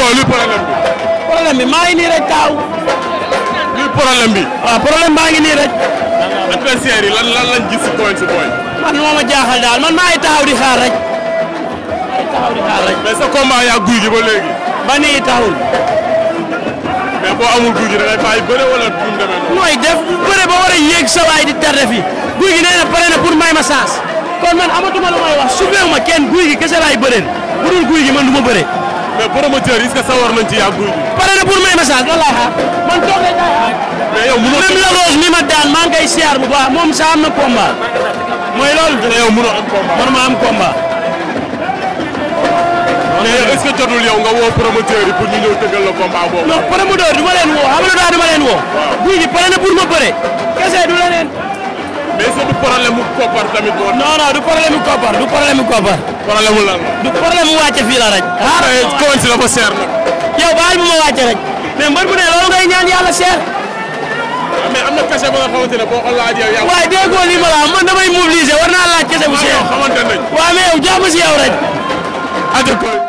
booy luy problème bi. maa ngi nii rek taaw. luy problème bi. waaw problème baa ngi nii rek. adversaire yi lan lan lañ gis si Quench Boy. man moo ma jaaxal daal man maa ngi taxaw di xaar rek. maa ngi taxaw di xaar yaa guy gi ba léegi. ba nii taxul. mais boo amul guy gi da ngay bàyyi bëre wala du mu def bëre ba war a yéeg sa waay di tardé fi guy gi nee na pare na pour may ma saas kon man amatuma lu may wax su feewu ma kenn guy gi kese laay bëreen bu dul guy gi man du mais promoteur yi est-ce que sawar nañ ci Yacc Gouye pare na pour may message lan laay man toog nañ laay xaar. mais yow mënoo même la rose mi ma daan maa ngi bu baax moom sa am na combat mooy loolu. mais yow mënoo am man ma am combat. mais est-ce que nga woo promoteur yi pour ñu ñëw tëggal la combat boobu. non promoteur du ma leen woo xam nga daal du ma leen woo. waaw Gouye pare na pour ma bëre. kese du leneen. mais c'est du problème mu koppar tamit. non non du problème mu koppar du problème mu koppar. problème mu lan du problème mu wàcce fii la rek. xaaral ah, ma eh, la ba seer nag. yow baal ma ma wàcce rek. mais mbër bu ne loolu ngay ñaan yàlla seer. Ah, mais am na kese ba nga xamante ne boo ko laajee yow. waaye déggoo lii ma la man damay mobiliser war naa laaj kese bu seer. waaw xamante nañ. waaw mais yow jàmm si yow rek. Ah,